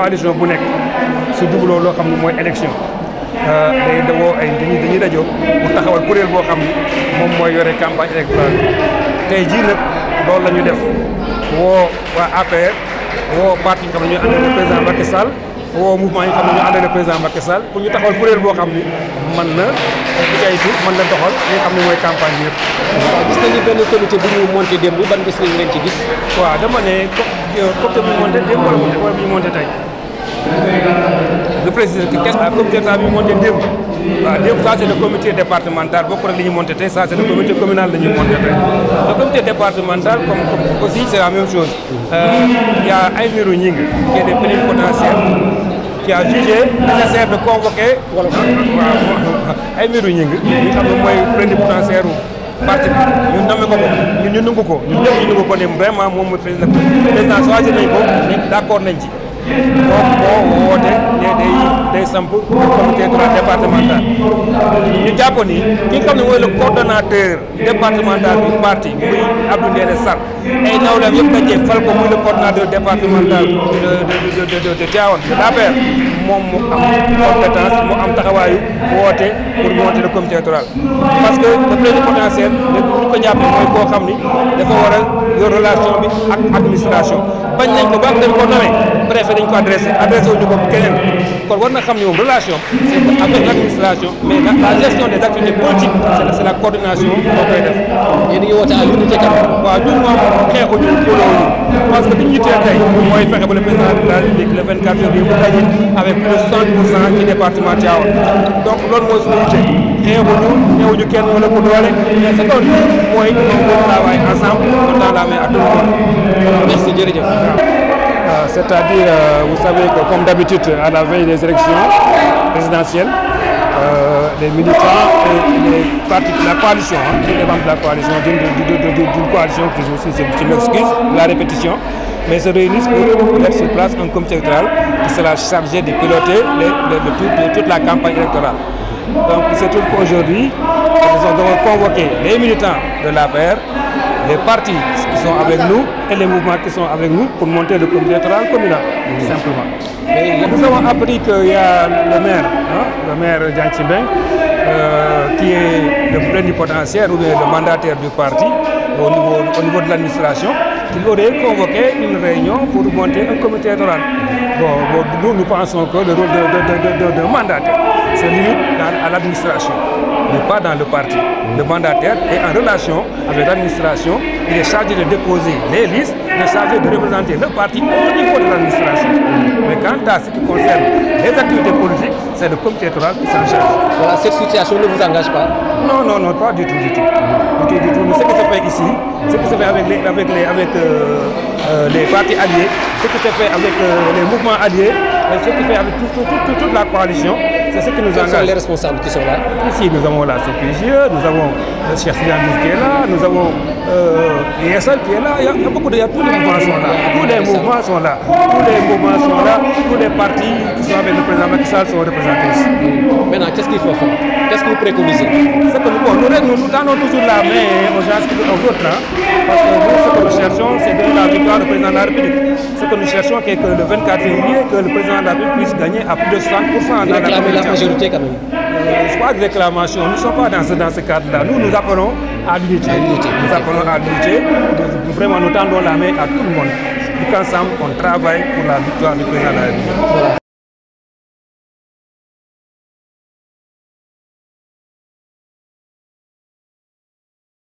coalition bu nekk su jubloo loo xam ne mooy élection euh, day ay dañuy dañuy dajoo pour taxawal kuréel boo xam ne moom mooy yore campagne électorale tey jii nag loolu la ñu def woo waa APR woo parti yi nga xam ne ñoo àndal le président Macky Sall woo mouvement yi nga xam ne ñoo àndal pour ñu taxawal kuréel boo xam ne mën na jaytu man na doxal li xam ne mooy campagne yëpp. waaw gis nañu benn comité bu ñu monté démb ci gis. waaw dama ne comité euh, bu ñu tey. préciser que a à comité état bi monté démb waaw démb ça c'est le comité départemental bokk rek li ñu monté tey ça c'est le comité communal tey le comité départemental comme comme aussi c'est la même chose euh, y a Aymérou Gningue qui est a jugé ay mbiru ñing ñu xam ne mooy plénipotentiaire u parti bi ñu nommé ko ñu ñu nungu ko ñu ñëpp ñu nungu ko ne vraiment moom mooy président moom moo woote ne day day samp comité rural départemental ñu jàpp ni ki nga xam ne mooy le coordonnateur départemental du parti muy Abdou Ndéné Sarr ay nawleem yëpp dajee fal ko muy le coordonnateur départemental de de de de de Tivaouane de l'APR moom mu am compétence mu am taxawaayu woote pour monter le comité électoral parce que le président potentiel de bu ko jàppee mooy koo xam ni dafa war a yor relation bi ak administration bañ nañ ko ba dañ ko nommé préfet lañ ko adressé adressé wuñu ko keneen kon war na xam ne moom relation c'est avec l'administration mais la gestion des activités politiques c'est la coordination moo koy def yéen a ngi woote à l'unité kat waaw ñun moom parce que biñu ñu teel tey mooy fexe ba le président de la République le 24 février mu daje avec de 60 pour cent ci département Tivaouane donc loolu mooy suñu unité xeexuñu ñëwuñu kenn wala ko doole mais c'est loolu mooy on travaille ensemble on tend la main à tout Euh, c'est-à-dire, euh, vous savez que comme d'habitude, à la veille des élections présidentielles, euh, les militants et les partis de la coalition, hein, les membres de la coalition, d'une coalition qui, qui m'excuse, la répétition, mais se réunissent pour mettre sur place un comité électoral qui se trouve qu'aujourd'hui, nous avons convoqué les militants de la paire les partis qui sont avec nous et les mouvements qui sont avec nous pour monter le comité communal, mmh. nous avons appris qu'il y a le maire, le maire Jean euh, qui est le plénipotentiaire ou bien le mandataire du parti au niveau, au niveau de l'administration, qu'il aurait convoqué une réunion pour monter un comité électoral. Bon, nous, pensons que le rôle de, de, c'est lui à l'administration. n'est pas dans le parti. Le mandataire est en relation avec l'administration, il est chargé de déposer les listes, il est chargé de représenter le parti au niveau de l'administration. Mais quant à ce qui concerne les activités politiques, c'est le comité électoral qui s'en charge. Non, non, non, pas du tout, du tout. Du ce qui se fait ici, avec les, avec les, ce qui se fait avec les mouvements euh, euh, alliés, ce qui se fait euh, tout, tout, la coalition, C'est ce qui nous avons la CPGE, nous avons le euh, Cheikh qui est là, nous avons euh, l'ISL qui là. a, a de, il y a tous les mouvements sont là. Tous les partis qui sont avec le président Macky sont représentés ici. Maintenant, qu'est-ce qu'il faut faire Qu'est-ce que vous préconisez attendons toujours la main et on jase aux autres. Hein, parce que nous, ce que nous cherchons, c'est de la victoire du président la République. Ce que nous cherchons, c'est le 24 que le président la République puisse gagner à plus de 60% dans la euh, nous sommes pas dans ce, cadre-là. Nous, nous appelons à l'unité. Nous appelons à l'unité. Vraiment, nous tendons la main à tout le monde. Pour qu'ensemble, on travaille pour la victoire du président la République.